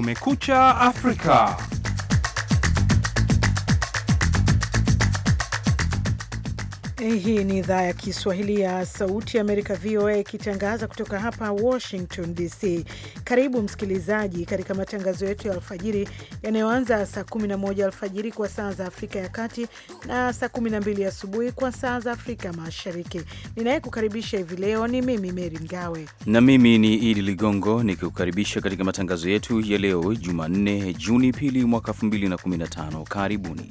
Kumekucha Afrika. Eh, hii ni idhaa ya Kiswahili ya Sauti ya Amerika, VOA, ikitangaza kutoka hapa Washington DC. Karibu msikilizaji katika matangazo yetu ya alfajiri yanayoanza saa 11 alfajiri kwa saa za Afrika ya Kati na saa 12 asubuhi kwa saa za Afrika Mashariki. Ninayekukaribisha hivi leo ni mimi Meri Mgawe na mimi ni Idi Ligongo nikikukaribisha katika matangazo yetu ya leo Jumanne, Juni pili mwaka 2015. Karibuni.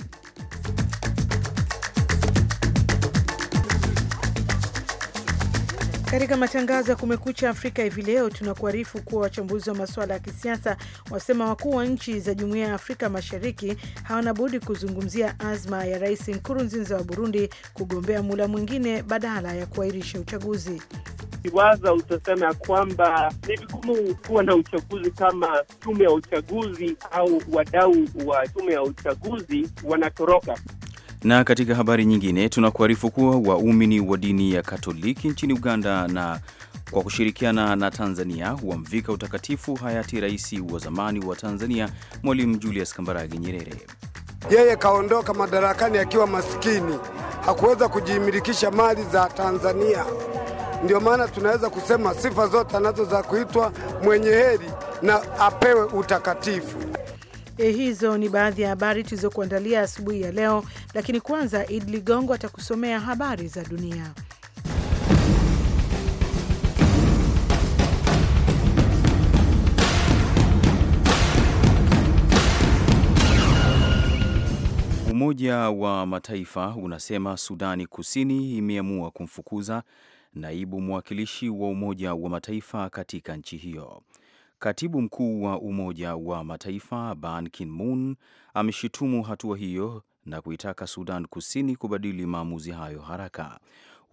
Katika matangazo ya Kumekucha Afrika hivi leo tunakuarifu kuwa wachambuzi wa masuala ya kisiasa wasema wakuu wa nchi za Jumuiya ya Afrika Mashariki hawana budi kuzungumzia azma ya Rais Nkurunziza wa Burundi kugombea mula mwingine badala ya kuahirisha uchaguzi. Kiwaza utasema ya kwamba ni vigumu kuwa na uchaguzi kama tume ya uchaguzi au wadau wa tume ya uchaguzi wanatoroka. Na katika habari nyingine tunakuarifu kuwa waumini wa dini ya Katoliki nchini Uganda na kwa kushirikiana na Tanzania wamvika utakatifu hayati rais wa zamani wa Tanzania Mwalimu Julius Kambarage Nyerere. Yeye kaondoka madarakani akiwa masikini hakuweza kujimilikisha mali za Tanzania. Ndio maana tunaweza kusema sifa zote anazo za kuitwa mwenye heri na apewe utakatifu. Eh, hizo ni baadhi ya habari tulizokuandalia asubuhi ya leo, lakini kwanza id Ligongo atakusomea habari za dunia. Umoja wa Mataifa unasema Sudani Kusini imeamua kumfukuza naibu mwakilishi wa Umoja wa Mataifa katika nchi hiyo. Katibu mkuu wa Umoja wa Mataifa Ban Ki-moon ameshutumu hatua hiyo na kuitaka Sudan Kusini kubadili maamuzi hayo haraka.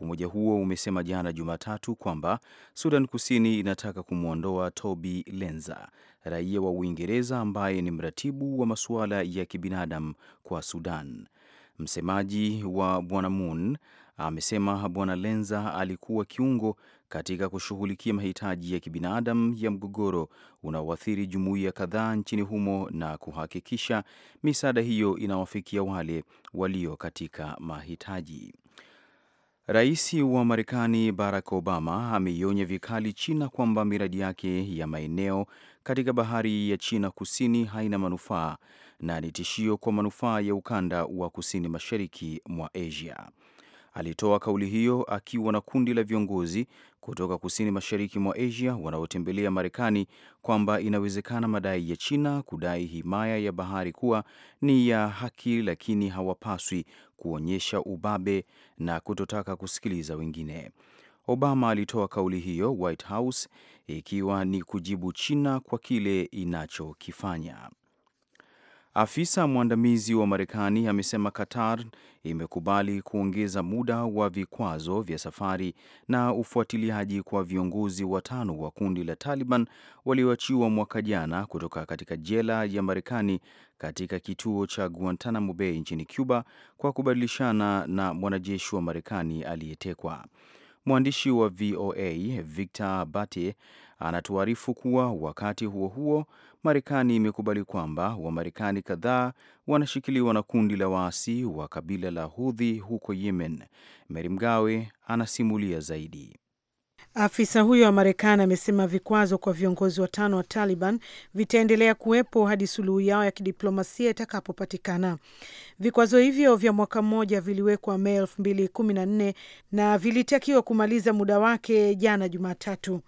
Umoja huo umesema jana Jumatatu kwamba Sudan Kusini inataka kumwondoa Toby Lenza, raia wa Uingereza ambaye ni mratibu wa masuala ya kibinadamu kwa Sudan. Msemaji wa Bwana Moon amesema Bwana Lenza alikuwa kiungo katika kushughulikia mahitaji ya kibinadamu ya mgogoro unaoathiri jumuiya kadhaa nchini humo na kuhakikisha misaada hiyo inawafikia wale walio katika mahitaji. Rais wa Marekani Barack Obama ameionya vikali China kwamba miradi yake ya maeneo katika bahari ya China kusini haina manufaa na ni tishio kwa manufaa ya ukanda wa kusini mashariki mwa Asia. Alitoa kauli hiyo akiwa na kundi la viongozi kutoka kusini mashariki mwa Asia wanaotembelea Marekani kwamba inawezekana madai ya China kudai himaya ya bahari kuwa ni ya haki, lakini hawapaswi kuonyesha ubabe na kutotaka kusikiliza wengine. Obama alitoa kauli hiyo White House ikiwa ni kujibu China kwa kile inachokifanya. Afisa mwandamizi wa Marekani amesema Qatar imekubali kuongeza muda wa vikwazo vya safari na ufuatiliaji kwa viongozi watano wa kundi la Taliban walioachiwa mwaka jana kutoka katika jela ya Marekani katika kituo cha Guantanamo Bay nchini Cuba kwa kubadilishana na mwanajeshi wa Marekani aliyetekwa. Mwandishi wa VOA Victor Bate Anatuarifu kuwa wakati huo huo, Marekani imekubali kwamba Wamarekani kadhaa wanashikiliwa na kundi la waasi wa kabila la Hudhi huko Yemen. Meri Mgawe anasimulia zaidi. Afisa huyo wa Marekani amesema vikwazo kwa viongozi watano wa Taliban vitaendelea kuwepo hadi suluhu yao ya kidiplomasia itakapopatikana. Vikwazo hivyo vya mwaka mmoja viliwekwa Mei elfu mbili kumi na nne na vilitakiwa kumaliza muda wake jana Jumatatu.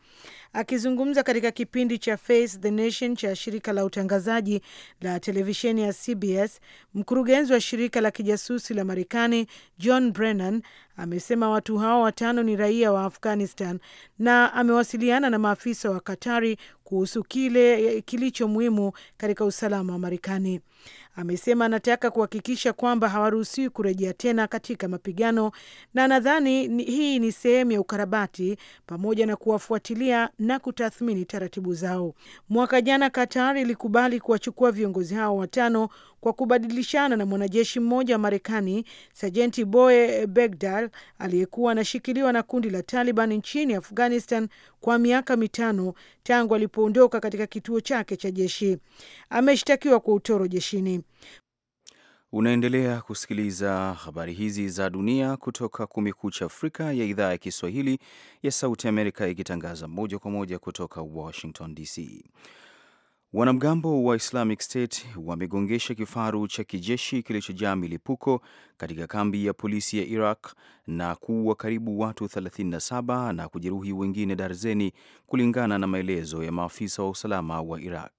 Akizungumza katika kipindi cha Face the Nation cha shirika la utangazaji la televisheni ya CBS, mkurugenzi wa shirika la kijasusi la Marekani John Brennan amesema watu hao watano ni raia wa Afghanistan na amewasiliana na maafisa wa Katari kuhusu kile kilicho muhimu katika usalama wa Marekani. Amesema anataka kuhakikisha kwamba hawaruhusiwi kurejea tena katika mapigano, na nadhani hii ni sehemu ya ukarabati pamoja na kuwafuatilia na kutathmini taratibu zao. Mwaka jana katari ilikubali kuwachukua viongozi hao watano kwa kubadilishana na mwanajeshi mmoja wa Marekani, Sajenti Boe Begdal, aliyekuwa anashikiliwa na kundi la Taliban nchini Afghanistan kwa miaka mitano tangu alipoondoka katika kituo chake cha jeshi. Ameshtakiwa kwa utoro jeshini. Unaendelea kusikiliza habari hizi za dunia kutoka Kumekucha Afrika ya idhaa ya Kiswahili ya Sauti Amerika, ikitangaza moja kwa moja kutoka Washington DC. Wanamgambo wa Islamic State wamegongesha kifaru cha kijeshi kilichojaa milipuko katika kambi ya polisi ya Iraq na kuua karibu watu 37 na kujeruhi wengine darzeni, kulingana na maelezo ya maafisa wa usalama wa Iraq.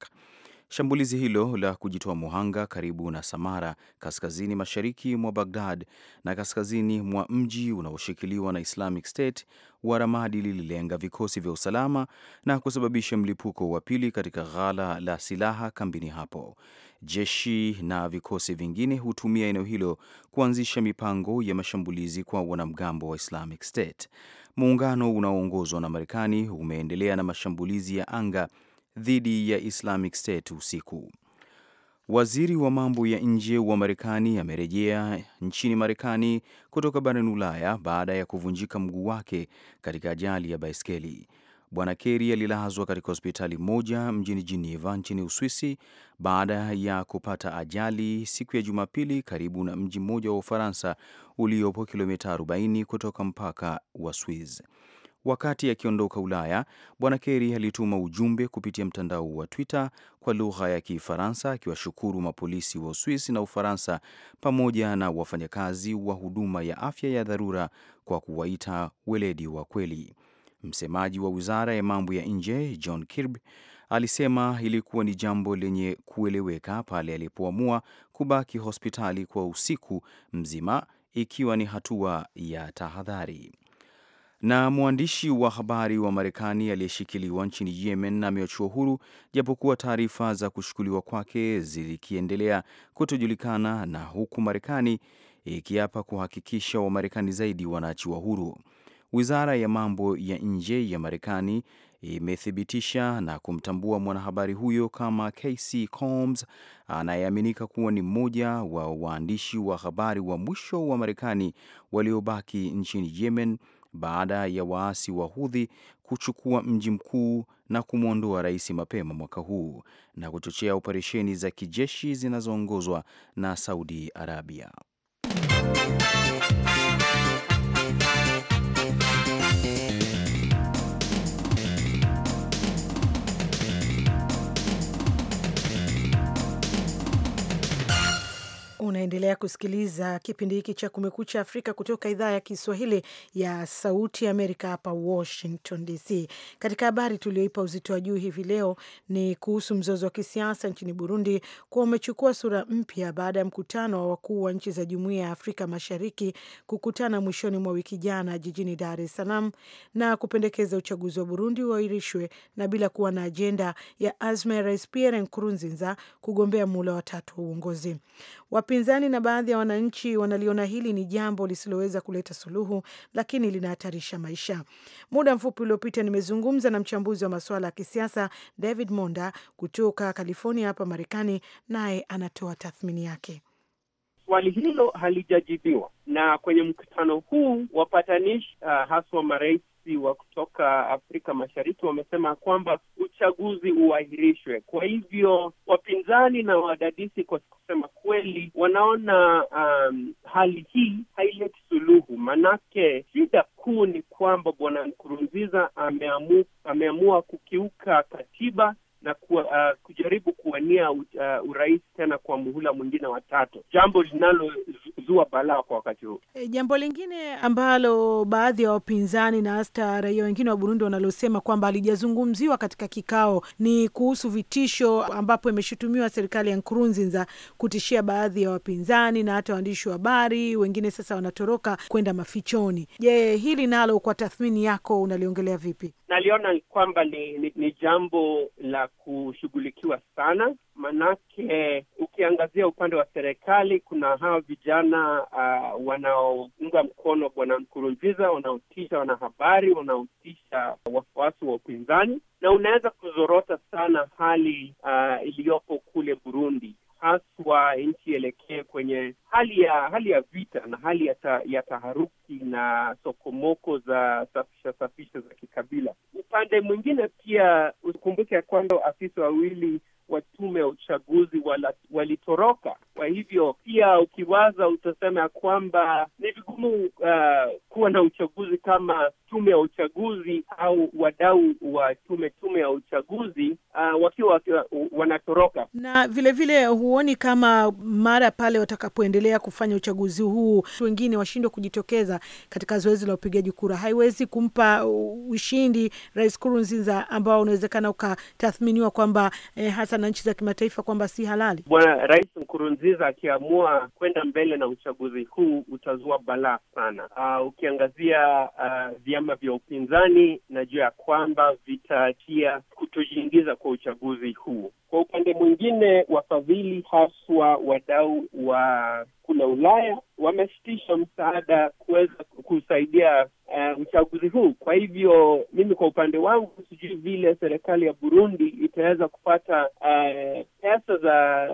Shambulizi hilo la kujitoa muhanga karibu na Samara, kaskazini mashariki mwa Bagdad na kaskazini mwa mji unaoshikiliwa na Islamic State wa Ramadi lililenga vikosi vya usalama na kusababisha mlipuko wa pili katika ghala la silaha kambini hapo. Jeshi na vikosi vingine hutumia eneo hilo kuanzisha mipango ya mashambulizi kwa wanamgambo wa Islamic State. Muungano unaoongozwa na Marekani umeendelea na mashambulizi ya anga dhidi ya Islamic State usiku. Waziri wa mambo ya nje wa Marekani amerejea nchini Marekani kutoka barani Ulaya baada ya kuvunjika mguu wake katika ajali ya baiskeli. Bwana Kerry alilazwa katika hospitali moja mjini Geneva nchini Uswisi baada ya kupata ajali siku ya Jumapili karibu na mji mmoja wa Ufaransa uliopo kilomita 40 kutoka mpaka wa Swiss. Wakati akiondoka Ulaya, Bwana Kerry alituma ujumbe kupitia mtandao wa Twitter kwa lugha ya Kifaransa akiwashukuru mapolisi wa Uswisi na Ufaransa pamoja na wafanyakazi wa huduma ya afya ya dharura kwa kuwaita weledi wa kweli. Msemaji wa wizara ya mambo ya nje John Kirby alisema ilikuwa ni jambo lenye kueleweka pale alipoamua kubaki hospitali kwa usiku mzima ikiwa ni hatua ya tahadhari. Na mwandishi wa habari wa Marekani aliyeshikiliwa nchini Yemen ameachiwa huru, japokuwa taarifa za kushukuliwa kwake zikiendelea kutojulikana, na huku Marekani ikiapa kuhakikisha Wamarekani zaidi wanaachiwa huru. Wizara ya mambo ya nje ya Marekani imethibitisha na kumtambua mwanahabari huyo kama Casey Combs anayeaminika kuwa ni mmoja wa waandishi wa habari wa mwisho wa Marekani waliobaki nchini Yemen baada ya waasi wa hudhi kuchukua mji mkuu na kumwondoa rais mapema mwaka huu na kuchochea operesheni za kijeshi zinazoongozwa na Saudi Arabia. Unaendelea kusikiliza kipindi hiki cha Kumekucha Afrika kutoka idhaa ya Kiswahili ya Sauti Amerika hapa Washington DC. Katika habari tulioipa uzito wa juu hivi leo ni kuhusu mzozo wa kisiasa nchini Burundi kuwa umechukua sura mpya baada ya mkutano wa wakuu wa nchi za Jumuiya ya Afrika Mashariki kukutana mwishoni mwa wiki jana jijini Dar es Salaam na kupendekeza uchaguzi wa Burundi uahirishwe na bila kuwa na ajenda ya azma ya Rais Pierre Nkurunziza kugombea muhula wa tatu wa uongozi. Wapinzani na baadhi ya wananchi wanaliona hili ni jambo lisiloweza kuleta suluhu, lakini linahatarisha maisha. Muda mfupi uliopita, nimezungumza na mchambuzi wa masuala ya kisiasa David Monda kutoka California hapa Marekani, naye anatoa tathmini yake. Swali hilo halijajibiwa na kwenye mkutano huu wapatanishi uh, haswa marais wa kutoka Afrika Mashariki wamesema kwamba uchaguzi uahirishwe. Kwa hivyo wapinzani na wadadisi, kwa kusema kweli, wanaona um, hali hii haileti suluhu, manake shida kuu ni kwamba bwana Nkurunziza ameamua kukiuka katiba na kuwa, uh, kujaribu kuwania uh, urais tena kwa muhula mwingine wa tatu, jambo linalozua balaa kwa wakati huu. E, jambo lingine ambalo baadhi ya wa wapinzani na hata raia wengine wa Burundi wanalosema kwamba alijazungumziwa katika kikao ni kuhusu vitisho, ambapo imeshutumiwa serikali ya Nkurunziza kutishia baadhi ya wa wapinzani na hata waandishi wa habari wengine, sasa wanatoroka kwenda mafichoni. Je, hili nalo kwa tathmini yako unaliongelea vipi? Naliona kwamba ni, ni, ni jambo la kushughulikiwa sana, manake ukiangazia upande wa serikali kuna hawa vijana uh, wanaounga mkono bwana Nkurunziza, wanaotisha wanahabari, wanaotisha wafuasi wa upinzani, na unaweza kuzorota sana hali uh, iliyopo kule Burundi haswa nchi ielekee kwenye hali ya hali ya vita na hali ya, ta, ya taharuki na sokomoko za safisha safisha za kikabila. Upande mwingine pia ukumbuke ya kwamba afisa wawili wa tume ya uchaguzi walitoroka. Kwa hivyo pia ukiwaza utasema ya kwamba ni vigumu uh, kuwa na uchaguzi kama tume ya uchaguzi au wadau wa tume tume ya uchaguzi uh, wakiwa, wanatoroka. Na vilevile huoni kama mara pale watakapoendelea kufanya uchaguzi huu wengine washindwe kujitokeza katika zoezi la upigaji kura, haiwezi kumpa ushindi Rais Kurunziza ambao unawezekana ukatathminiwa kwamba eh, hasa na nchi za kimataifa kwamba si halali. Bwana Rais Nkurunziza akiamua kwenda mbele na uchaguzi huu utazua balaa sana uh, ukiangazia uh, vyama vya upinzani, najua ya kwamba vitatia kutojiingiza kwa uchaguzi huu. Kwa upande mwingine, wafadhili haswa wadau wa kule Ulaya wamesitisha msaada kuweza kusaidia uh, uchaguzi huu. Kwa hivyo mimi kwa upande wangu sijui vile serikali ya Burundi itaweza kupata uh, pesa za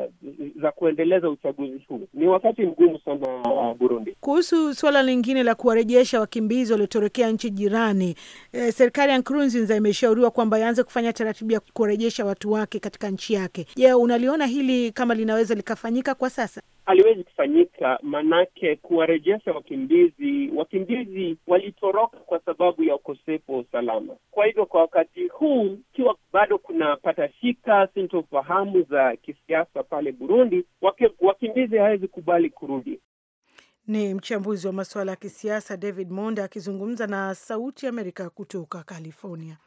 za kuendeleza uchaguzi huu. Ni wakati mgumu sana uh, Burundi. Kuhusu suala lingine la kuwarejesha wakimbizi waliotorokea nchi jirani, eh, serikali ya Nkurunziza imeshauriwa kwamba ianze kufanya taratibu ya kuwarejesha watu wake katika nchi yake. Je, unaliona hili kama linaweza likafanyika kwa sasa? haliwezi kufanyika, manake kuwarejesha wakimbizi, wakimbizi walitoroka kwa sababu ya ukosefu wa usalama. Kwa hivyo kwa wakati huu, ikiwa bado kuna patashika, sintofahamu za kisiasa pale Burundi, wakimbizi hawezi kubali kurudi. Ni mchambuzi wa masuala ya kisiasa David Monda akizungumza na Sauti ya Amerika kutoka California.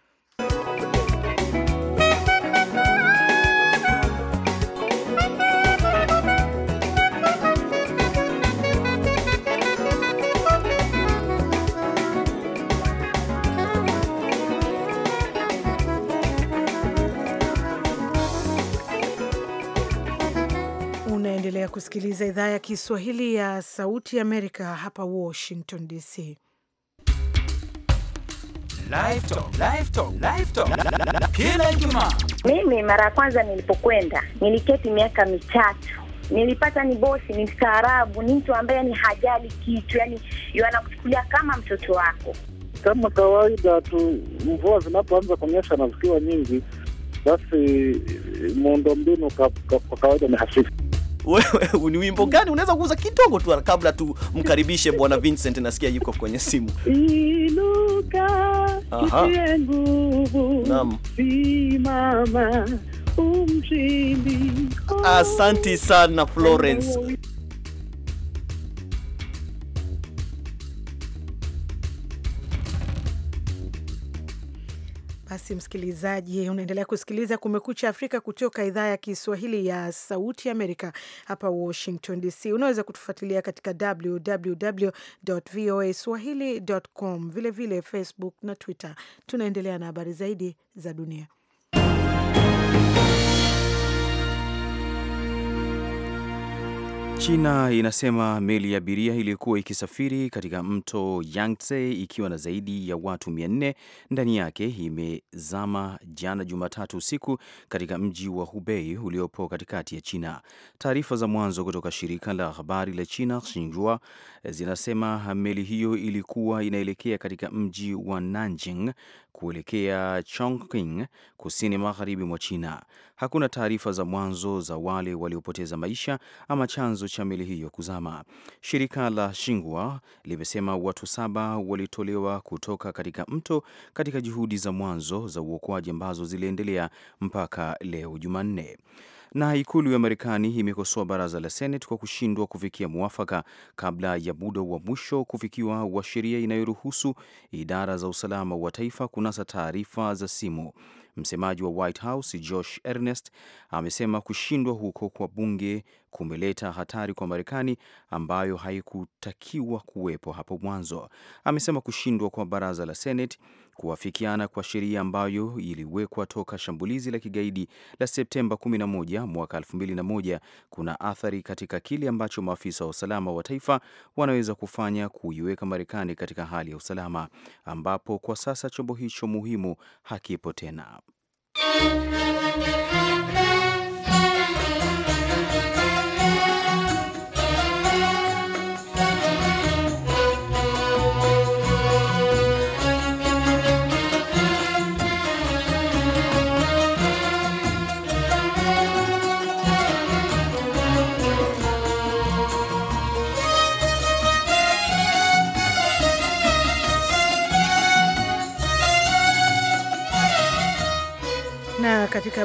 Unaendelea kusikiliza idhaa ya Kiswahili ya Sauti ya Amerika hapa Washington DC. Kila Ijumaa mimi mara ya kwanza nilipokwenda niliketi miaka mitatu nilipata ni bosi ni mstaarabu, ni mtu ambaye ni hajali kitu, yani anakuchukulia kama mtoto wako. Kama kawaida tu, mvua zinapoanza kuonyesha na zikiwa nyingi, basi eh, muundombinu kwa kawaida ni hafifu wewe ni wimbo gani unaweza kuuza kidogo tu kabla tumkaribishe bwana Vincent, nasikia yuko kwenye simu. Inuka utie nguvu, simama umshindi. Asanti sana Florence. Basi msikilizaji, unaendelea kusikiliza Kumekucha Afrika kutoka idhaa ya Kiswahili ya Sauti Amerika hapa Washington DC. Unaweza kutufuatilia katika www voa swahili com, vilevile Facebook na Twitter. Tunaendelea na habari zaidi za dunia. China inasema meli ya abiria iliyokuwa ikisafiri katika mto Yangtze ikiwa na zaidi ya watu 400 ndani yake imezama jana Jumatatu usiku katika mji wa Hubei uliopo katikati ya China. Taarifa za mwanzo kutoka shirika la habari la China Xinhua zinasema meli hiyo ilikuwa inaelekea katika mji wa Nanjing kuelekea Chongqing kusini magharibi mwa China. Hakuna taarifa za mwanzo za wale waliopoteza maisha ama chanzo cha meli hiyo kuzama. Shirika la Xinhua limesema watu saba walitolewa kutoka katika mto katika juhudi za mwanzo za uokoaji ambazo ziliendelea mpaka leo Jumanne. Na ikulu ya Marekani imekosoa baraza la Senate kwa kushindwa kufikia mwafaka kabla ya muda wa mwisho kufikiwa wa sheria inayoruhusu idara za usalama wa taifa kunasa taarifa za simu. Msemaji wa White House Josh Ernest amesema kushindwa huko kwa bunge kumeleta hatari kwa Marekani ambayo haikutakiwa kuwepo hapo mwanzo. Amesema kushindwa kwa baraza la Seneti kuafikiana kwa sheria ambayo iliwekwa toka shambulizi la kigaidi la Septemba 11 mwaka 2001 kuna athari katika kile ambacho maafisa wa usalama wa taifa wanaweza kufanya kuiweka Marekani katika hali ya usalama ambapo kwa sasa chombo hicho muhimu hakipo tena.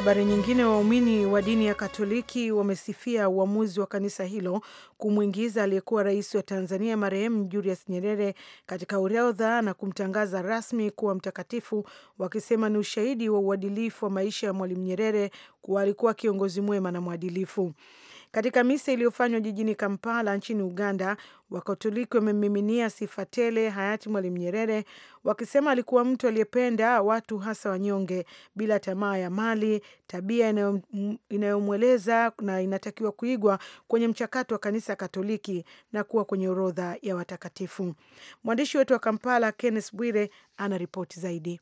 habari nyingine, waumini wa dini ya Katoliki wamesifia uamuzi wa kanisa hilo kumwingiza aliyekuwa rais wa Tanzania marehemu Julius Nyerere katika uriodha na kumtangaza rasmi kuwa mtakatifu, wakisema ni ushahidi wa uadilifu wa maisha ya Mwalimu Nyerere kuwa alikuwa kiongozi mwema na mwadilifu. Katika misa iliyofanywa jijini Kampala nchini Uganda, Wakatoliki wamemiminia sifa tele hayati Mwalimu Nyerere, wakisema alikuwa mtu aliyependa watu, hasa wanyonge, bila tamaa ya mali, tabia inayomweleza na inatakiwa kuigwa kwenye mchakato wa kanisa Katoliki na kuwa kwenye orodha ya watakatifu. Mwandishi wetu wa Kampala, Kenneth Bwire, ana ripoti zaidi.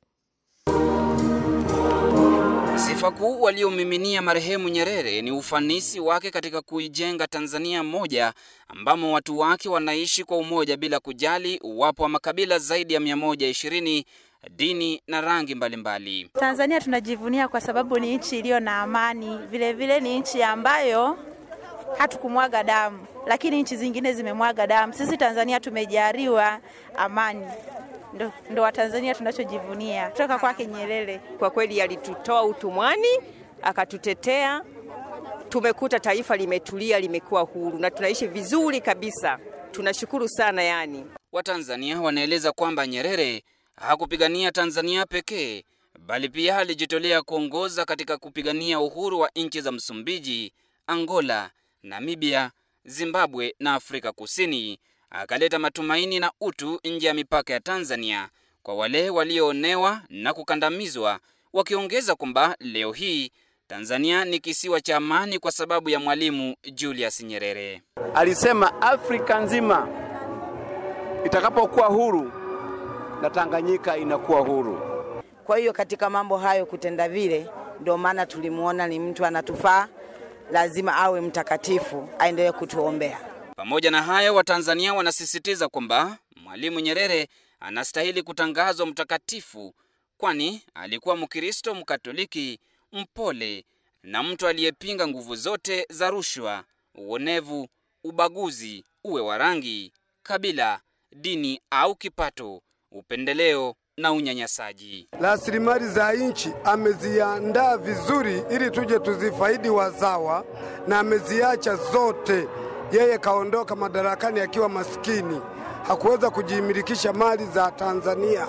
Sifa kuu waliomiminia marehemu Nyerere ni ufanisi wake katika kuijenga Tanzania moja ambamo watu wake wanaishi kwa umoja bila kujali uwapo wa makabila zaidi ya 120 dini na rangi mbalimbali mbali. Tanzania tunajivunia kwa sababu ni nchi iliyo na amani, vilevile vile ni nchi ambayo hatukumwaga damu, lakini nchi zingine zimemwaga damu. Sisi Tanzania tumejaliwa amani ndo, ndo Watanzania tunachojivunia kutoka kwake Nyerere. Kwa kweli alitutoa utumwani akatutetea, tumekuta taifa limetulia, limekuwa huru na tunaishi vizuri kabisa, tunashukuru sana. Yani Watanzania wanaeleza kwamba Nyerere hakupigania Tanzania pekee bali pia alijitolea kuongoza katika kupigania uhuru wa nchi za Msumbiji, Angola, Namibia, Zimbabwe na Afrika Kusini akaleta matumaini na utu nje ya mipaka ya Tanzania kwa wale walioonewa na kukandamizwa, wakiongeza kwamba leo hii Tanzania ni kisiwa cha amani kwa sababu ya Mwalimu Julius Nyerere. Alisema Afrika nzima itakapokuwa huru na Tanganyika inakuwa huru. Kwa hiyo katika mambo hayo kutenda vile, ndio maana tulimuona ni mtu anatufaa, lazima awe mtakatifu, aendelee kutuombea. Pamoja na hayo, Watanzania wanasisitiza kwamba Mwalimu Nyerere anastahili kutangazwa mtakatifu, kwani alikuwa Mkristo Mkatoliki mpole na mtu aliyepinga nguvu zote za rushwa, uonevu, ubaguzi, uwe wa rangi, kabila, dini au kipato, upendeleo na unyanyasaji. Rasilimali za nchi ameziandaa vizuri ili tuje tuzifaidi wazawa, na ameziacha zote yeye kaondoka madarakani akiwa maskini, hakuweza kujimilikisha mali za Tanzania.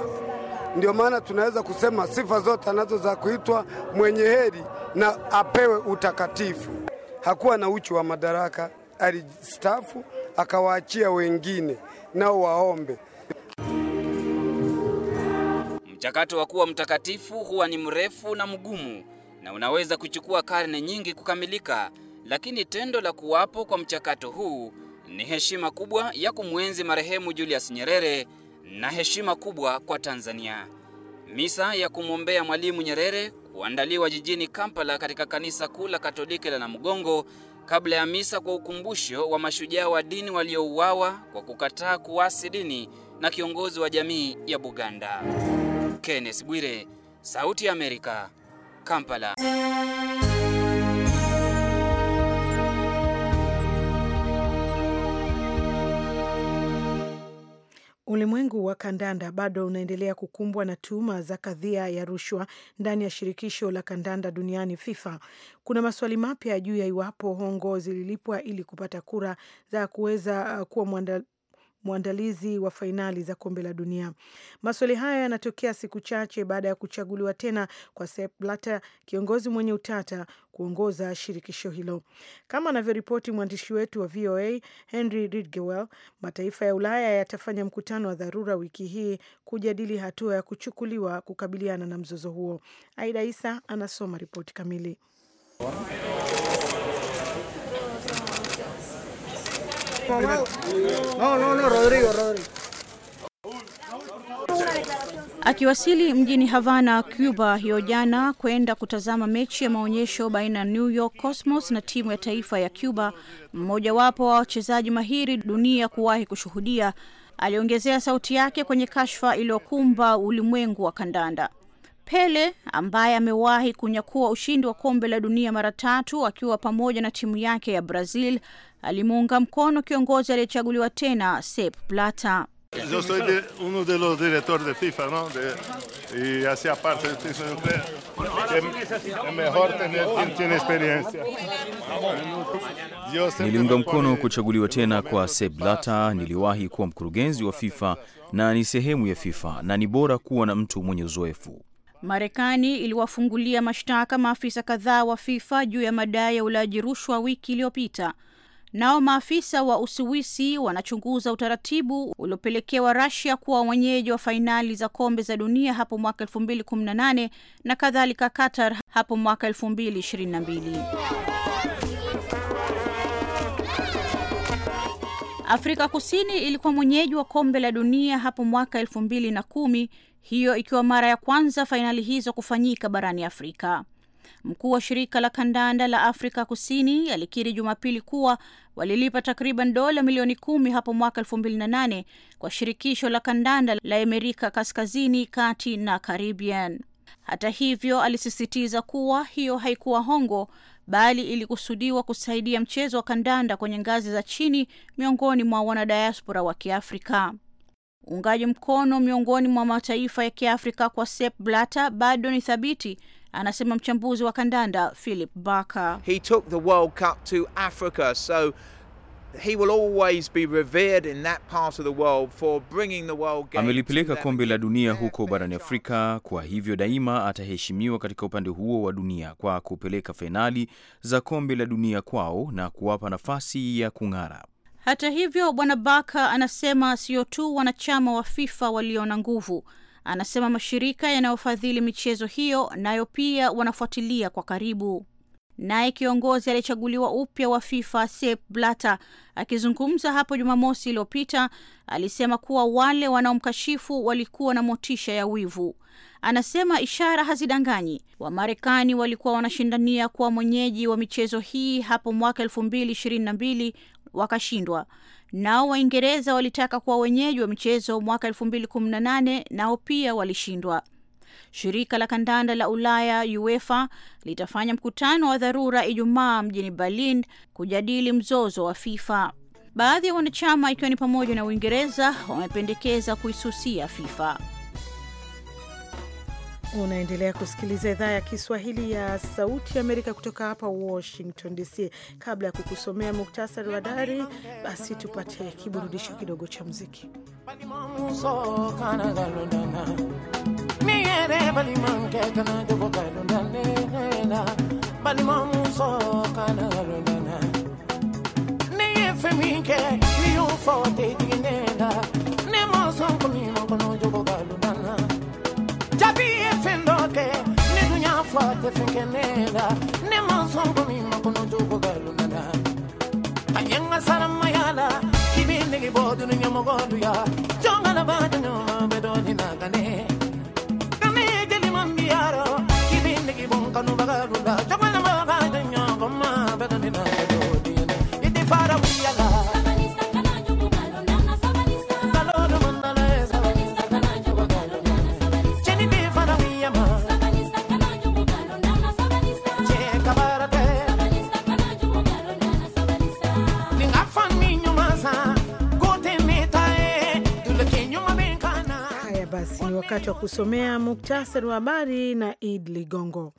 Ndio maana tunaweza kusema sifa zote anazo za kuitwa mwenye heri na apewe utakatifu. Hakuwa na uchu wa madaraka, alistaafu akawaachia wengine nao waombe. Mchakato wa kuwa mtakatifu huwa ni mrefu na mgumu na unaweza kuchukua karne nyingi kukamilika lakini tendo la kuwapo kwa mchakato huu ni heshima kubwa ya kumwenzi marehemu Julius Nyerere na heshima kubwa kwa Tanzania. Misa ya kumwombea Mwalimu Nyerere kuandaliwa jijini Kampala katika kanisa kuu la Katoliki la Namugongo kabla ya misa kwa ukumbusho wa mashujaa wa dini waliouawa kwa kukataa kuasi dini na kiongozi wa jamii ya Buganda. Kenneth Bwire, Sauti ya Amerika, Kampala. Ulimwengu wa kandanda bado unaendelea kukumbwa na tuhuma za kadhia ya rushwa ndani ya shirikisho la kandanda duniani FIFA. Kuna maswali mapya juu ya iwapo hongo zililipwa ili kupata kura za kuweza uh, kuwa mwandalizi wa fainali za kombe la dunia. Maswali haya yanatokea siku chache baada ya kuchaguliwa tena kwa Sepp Blatter, kiongozi mwenye utata, kuongoza shirikisho hilo. Kama anavyoripoti mwandishi wetu wa VOA Henry Ridgewell, mataifa ya Ulaya yatafanya mkutano wa dharura wiki hii kujadili hatua ya kuchukuliwa kukabiliana na mzozo huo. Aida Isa anasoma ripoti kamili. No, no, no, Rodrigo, Rodrigo. Akiwasili mjini Havana, Cuba hiyo jana kwenda kutazama mechi ya maonyesho baina ya New York Cosmos na timu ya taifa ya Cuba, mmojawapo wa wachezaji mahiri dunia kuwahi kushuhudia, aliongezea sauti yake kwenye kashfa iliyokumba ulimwengu wa kandanda. Pele ambaye amewahi kunyakua ushindi wa kombe la dunia mara tatu akiwa pamoja na timu yake ya Brazil alimuunga mkono kiongozi aliyechaguliwa tena Sepp Blatter. Niliunga mkono kuchaguliwa tena kwa Sepp Blatter. Niliwahi kuwa mkurugenzi wa FIFA na ni sehemu ya FIFA na ni bora kuwa na mtu mwenye uzoefu. Marekani iliwafungulia mashtaka maafisa kadhaa wa FIFA juu ya madai ya ulaji rushwa wiki iliyopita. Nao maafisa wa Uswisi wanachunguza utaratibu uliopelekewa Rasia kuwa wenyeji wa fainali za kombe za dunia hapo mwaka 2018 na kadhalika Qatar hapo mwaka 2022. Afrika Kusini ilikuwa mwenyeji wa kombe la dunia hapo mwaka elfu mbili na kumi, hiyo ikiwa mara ya kwanza fainali hizo kufanyika barani Afrika. Mkuu wa shirika la kandanda la Afrika Kusini alikiri Jumapili kuwa walilipa takriban dola milioni kumi hapo mwaka nane kwa shirikisho la kandanda la Amerika Kaskazini, Kati na Caribbean. Hata hivyo, alisisitiza kuwa hiyo haikuwa hongo bali ilikusudiwa kusaidia mchezo wa kandanda kwenye ngazi za chini miongoni mwa wanadiaspora wa Kiafrika. Uungaji mkono miongoni mwa mataifa ya Kiafrika kwa Sepp Blatter bado ni thabiti anasema mchambuzi wa kandanda Philip Barker. He took the World Cup to Africa so He will always be revered in that part of the world for bringing the world game. Amelipeleka kombe la dunia huko barani Afrika, kwa hivyo daima ataheshimiwa katika upande huo wa dunia kwa kupeleka fainali za kombe la dunia kwao na kuwapa nafasi ya kung'ara. Hata hivyo, Bwana Baka anasema sio tu wanachama wa FIFA walio na nguvu Anasema mashirika yanayofadhili michezo hiyo nayo pia wanafuatilia kwa karibu. Naye kiongozi aliyechaguliwa upya wa FIFA sep blata akizungumza hapo Jumamosi iliyopita alisema kuwa wale wanaomkashifu walikuwa na motisha ya wivu. Anasema ishara hazidanganyi. Wamarekani walikuwa wanashindania kuwa mwenyeji wa michezo hii hapo mwaka elfu mbili ishirini na mbili wakashindwa. Nao Waingereza walitaka kuwa wenyeji wa mchezo mwaka 2018 nao pia walishindwa. Shirika la kandanda la Ulaya UEFA litafanya mkutano wa dharura Ijumaa mjini Berlin kujadili mzozo wa FIFA. Baadhi ya wanachama ikiwa ni pamoja na Uingereza wamependekeza kuisusia FIFA. Unaendelea kusikiliza idhaa ya Kiswahili ya Sauti Amerika kutoka hapa Washington DC. Kabla ya kukusomea muktasari wa dari, basi tupate kiburudisho kidogo cha muziki. Que ni dunya anakusomea muktasari wa habari na Id Ligongo.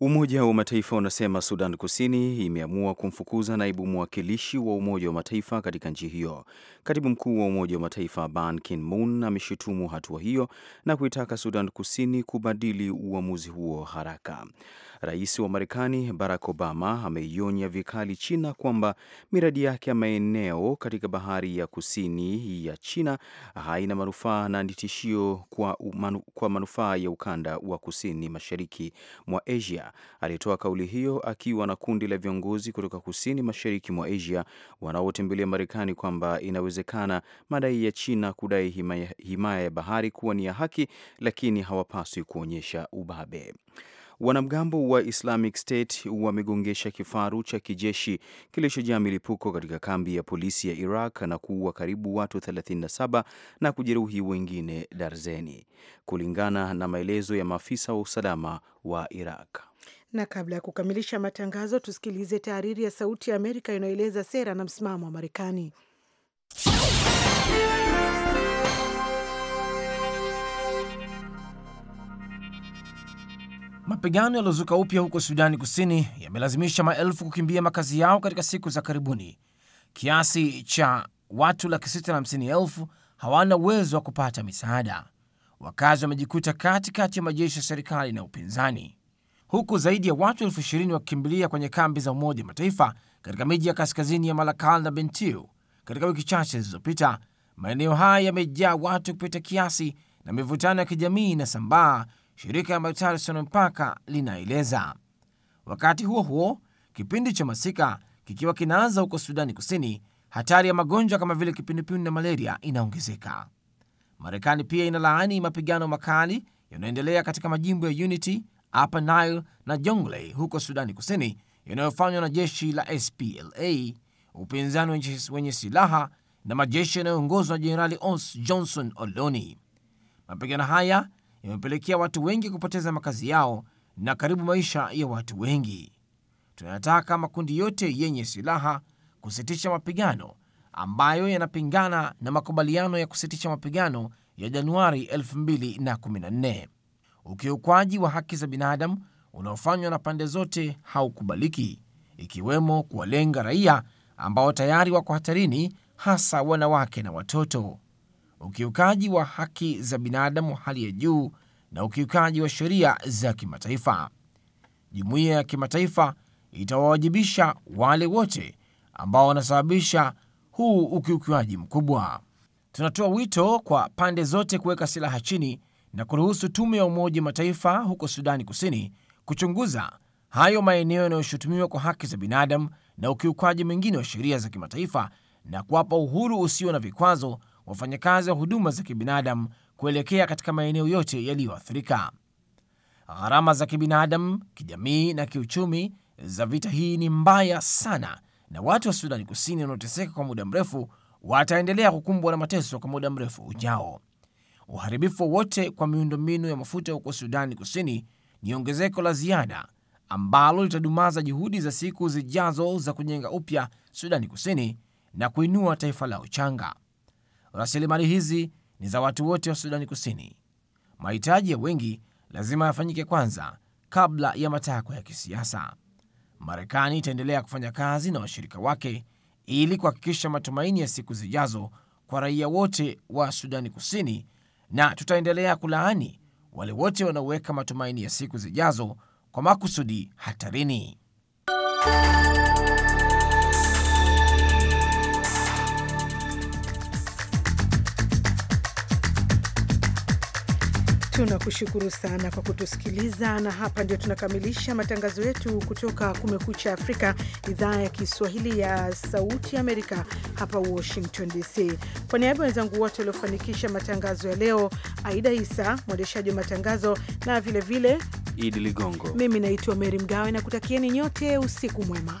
Umoja wa Mataifa unasema Sudan Kusini imeamua kumfukuza naibu mwakilishi wa Umoja wa Mataifa katika nchi hiyo. Katibu mkuu wa Umoja wa Mataifa Ban Ki-moon ameshutumu hatua hiyo na kuitaka Sudan Kusini kubadili uamuzi huo haraka. Rais wa Marekani Barack Obama ameionya vikali China kwamba miradi yake ya maeneo katika bahari ya kusini ya China haina manufaa na ni tishio kwa, kwa manufaa ya ukanda wa kusini mashariki mwa Asia. Alitoa kauli hiyo akiwa na kundi la viongozi kutoka kusini mashariki mwa Asia wanaotembelea Marekani kwamba inawezekana madai ya China kudai himaya, himaya ya bahari kuwa ni ya haki, lakini hawapaswi kuonyesha ubabe. Wanamgambo wa Islamic State wamegongesha kifaru cha kijeshi kilichojaa milipuko katika kambi ya polisi ya Iraq na kuua karibu watu 37 na kujeruhi wengine darzeni, kulingana na maelezo ya maafisa wa usalama wa Iraq. Na kabla ya kukamilisha matangazo, tusikilize tahariri ya Sauti ya Amerika inayoeleza sera na msimamo wa Marekani. Mapigano yaliyozuka upya huko Sudani Kusini yamelazimisha maelfu kukimbia makazi yao katika siku za karibuni. Kiasi cha watu laki sita na hamsini elfu hawana uwezo wa kupata misaada. Wakazi wamejikuta katikati ya majeshi ya serikali na upinzani, huku zaidi ya watu elfu ishirini wakikimbilia kwenye kambi za Umoja Mataifa katika miji ya kaskazini ya Malakal na Bentiu. Katika wiki chache zilizopita, maeneo haya yamejaa watu kupita kiasi na mivutano ya kijamii inasambaa shirika la madaktari wasio mpaka linaeleza. Wakati huo huo, kipindi cha masika kikiwa kinaanza huko Sudani Kusini, hatari ya magonjwa kama vile kipindupindu na malaria inaongezeka. Marekani pia inalaani mapigano makali yanayoendelea katika majimbo ya Unity, Upper Nile na Jonglei huko Sudani Kusini yanayofanywa na jeshi la SPLA, upinzani wenye silaha na majeshi yanayoongozwa na Jenerali Os Johnson Oloni. Mapigano haya imepelekea watu wengi kupoteza makazi yao na karibu maisha ya watu wengi. Tunataka makundi yote yenye silaha kusitisha mapigano ambayo yanapingana na makubaliano ya kusitisha mapigano ya Januari 2014. Ukiukwaji wa haki za binadamu unaofanywa na pande zote haukubaliki, ikiwemo kuwalenga raia ambao tayari wako hatarini, hasa wanawake na watoto ukiukaji wa haki za binadamu wa hali ya juu na ukiukaji wa sheria za kimataifa. Jumuiya ya kimataifa itawawajibisha wale wote ambao wanasababisha huu ukiukiwaji mkubwa. Tunatoa wito kwa pande zote kuweka silaha chini na kuruhusu tume ya Umoja Mataifa huko Sudani Kusini kuchunguza hayo maeneo yanayoshutumiwa kwa haki za binadamu na ukiukaji mwingine wa sheria za kimataifa na kuwapa uhuru usio na vikwazo wafanyakazi wa huduma za kibinadamu kuelekea katika maeneo yote yaliyoathirika. Gharama za kibinadamu, kijamii na kiuchumi za vita hii ni mbaya sana, na watu wa Sudani Kusini wanaoteseka kwa muda mrefu wataendelea kukumbwa na mateso kwa muda mrefu ujao. Uharibifu wote kwa miundombinu ya mafuta huko Sudani Kusini ni ongezeko la ziada ambalo litadumaza juhudi za siku zijazo za kujenga upya Sudani Kusini na kuinua taifa lao changa. Rasilimali hizi ni za watu wote wa Sudani Kusini. Mahitaji ya wengi lazima yafanyike kwanza kabla ya matakwa ya kisiasa. Marekani itaendelea kufanya kazi na washirika wake ili kuhakikisha matumaini ya siku zijazo kwa raia wote wa Sudani Kusini, na tutaendelea kulaani wale wote wanaoweka matumaini ya siku zijazo kwa makusudi hatarini. Tunakushukuru sana kwa kutusikiliza, na hapa ndio tunakamilisha matangazo yetu kutoka Kumekucha Afrika, idhaa ya Kiswahili ya Sauti Amerika, hapa Washington DC. Kwa niaba ya wenzangu wote waliofanikisha matangazo ya leo, Aida Isa mwendeshaji wa matangazo, na vilevile Idi Ligongo, mimi naitwa Meri Mgawe na kutakieni nyote usiku mwema.